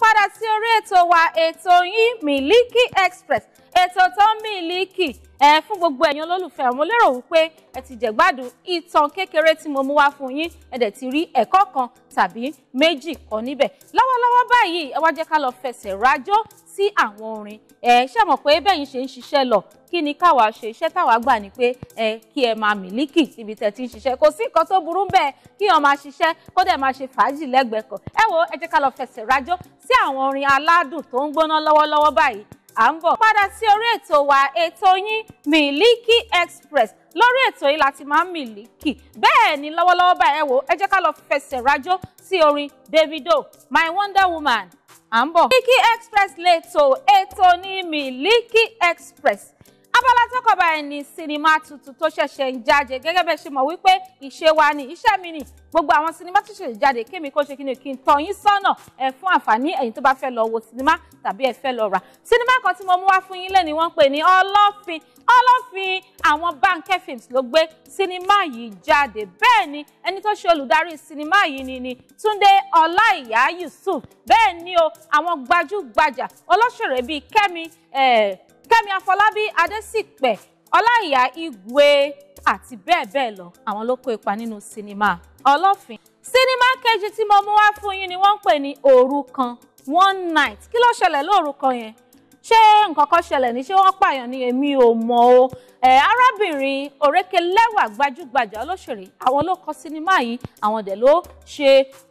padà sí orí ètò wa ètò yín Miliki Express ètò tó Miliki ẹ fún gbogbo ẹ̀yin olólùfẹ́ mo lérò wípé ẹ ti jẹ̀gbádùn ìtàn kékeré tí mo mú wá fún yín ẹ dẹ̀ ti rí ẹ̀kọ́ kan tàbí méjì kan níbẹ̀ lọ́wọ́lọ́wọ́ báyìí ẹ wá jẹ́ ká lọ fẹsẹ̀ rájọ́ sí àwọn orin ẹ ṣe mọ̀ pé bẹ́yìn ṣe ń ṣiṣẹ́ lọ kí ni káwa ṣe iṣẹ́ táwa gbà ni pé ẹ kí ẹ máa mílíkì ibi tẹ̀ ti ń ṣiṣẹ́ kò sí nǹkan tó burú bẹ́ẹ̀ kí ọ máa ṣiṣẹ́ kó dẹ̀ máa ṣe fàájì lẹ́gbẹ̀ẹ́ kan ẹ wo ẹ jẹ́ ká lọ fẹsẹ̀ rájọ́ sí àwọn orin aládùn tó ń gbóná lọ́wọ́lọ́wọ́ báyìí à ń bọ̀. padà sí orí ètò wa ètò yín Miliki Express lórí ètò yìí láti máa Miliki bẹ́ẹ̀ ni lọ́wọ́lọ́wọ́ báyìí ẹ wò ẹ jẹ́ ká lọ fẹsẹ̀ rájó sí orin Davido My Wonder Woman à ń bọ̀. Miliki Express lè tò ètò ní Miliki Express Ọlọ́kọ̀ọ́bà ẹni sinimá tuntun tó ṣẹ̀ṣẹ̀ ń jáde gẹ́gẹ́ bẹ́ẹ̀ ṣe mọ̀ wípé ìṣe wa ni iṣẹ́ mi ni gbogbo àwọn sinimá tó ṣẹ̀ṣẹ̀ jáde kémi kó ṣe kí ni kí n tọ́ yín sọ́nà ẹ fún àǹfààní ẹ̀yin tó bá fẹ́ lọ wo sinimá tàbí ẹ fẹ́ lọ rà sinimá kan tí mo mú wá fún yín lẹ́ni wọ́n ń pè ní ọlọ́fin ọlọ́fin àwọn Bánkẹ́ films ló gbé sinimá yìí jáde bẹ́ẹ̀ ni ẹni tó ṣe olùdarí sinimá yìí ni ni Túndé Ọláìyá Yusuf bẹ́ẹ̀ ni o àwọn gbajúgbajà olóṣèré bíi Kẹ́mi eh, Kẹ́mi Afọlábí Adésìpẹ̀ Ọláìyá Igwe àti bẹ́ẹ̀ bẹ́ẹ̀ lọ àwọn ló kó ipa nínú sinimá Ọlọ́fin sinimá kejì tí mo mú wá fún yín ni wọ́n ń pè ní òru kan one night kí ló ṣẹlẹ̀ lóru kan yẹn ṣé nǹkan kan ṣẹlẹ̀ ní ṣé wọ́n pààyàn ni èmi ò mọ̀ o ẹ̀ arábìnrin òrékelẹ́wà gbajúgbajà olóṣèré àwọn ló kọ sinimá yìí àwọn dẹ̀ ló ṣe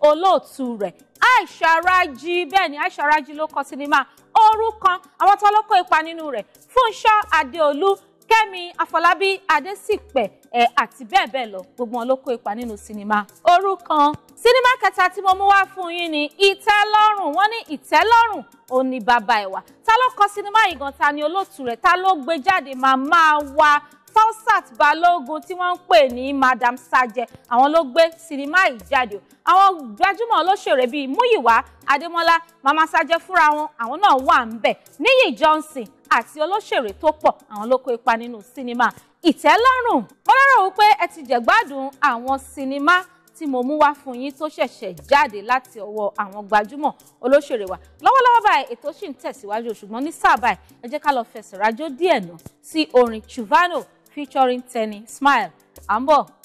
olóòtú rẹ̀ Aisha Raji bẹ́ẹ̀ ni Aisha Raji ló kọ sinimá ooru kan àwọn tó lọ́kọ̀ ipa nínú rẹ̀ Fúnṣọ́ Adéolú Kẹ́mi Afọlábí Adésìpẹ̀ ẹ̀ àti bẹ́ẹ̀ bẹ́ẹ̀ lọ gbogbo wọn ló kó ipa nínú sinimá ooru kan. sinimá kẹta tí mo mú wá fún yín ni ìtẹ́lọ́rùn wọ́n ní ìtẹ́lọ́rùn òun ni bàbá ẹ̀wà ta ló kọ sinimá yìí gan ta ni olóòtú rẹ̀ ta ló gbé jáde màmá wa Falsat Balógun tí wọ́n ń pè ní Madam Sajẹ àwọn ló gbé sinimá yìí jáde àwọn gbajúmọ̀ olóṣèré bíi Múyìwá Adémọ́lá Mama Sajẹ fúnra wọn àwọn náà wà ń bẹ̀ Níyì Johnson àti olóṣèré tó pọ̀ àwọn ló kó ipa nínú sinimá ìtẹ́lọ́rùn mo lérò wípé ẹ ti jẹ̀gbádùn àwọn sinimá tí mo mú wá fún yín tó ṣẹ̀ṣẹ̀ jáde láti ọwọ́ àwọn gbajúmọ̀ olóṣèré wa lọ́wọ́lọ́wọ́ báyìí ètò ṣì ń tẹ̀síwájú ṣùgbọ́n ní sáà báyìí ẹ jẹ́ ká lọ fẹsẹ̀ rájò díẹ̀ nà sí orin Chuvano featuring Tenny Smile à ń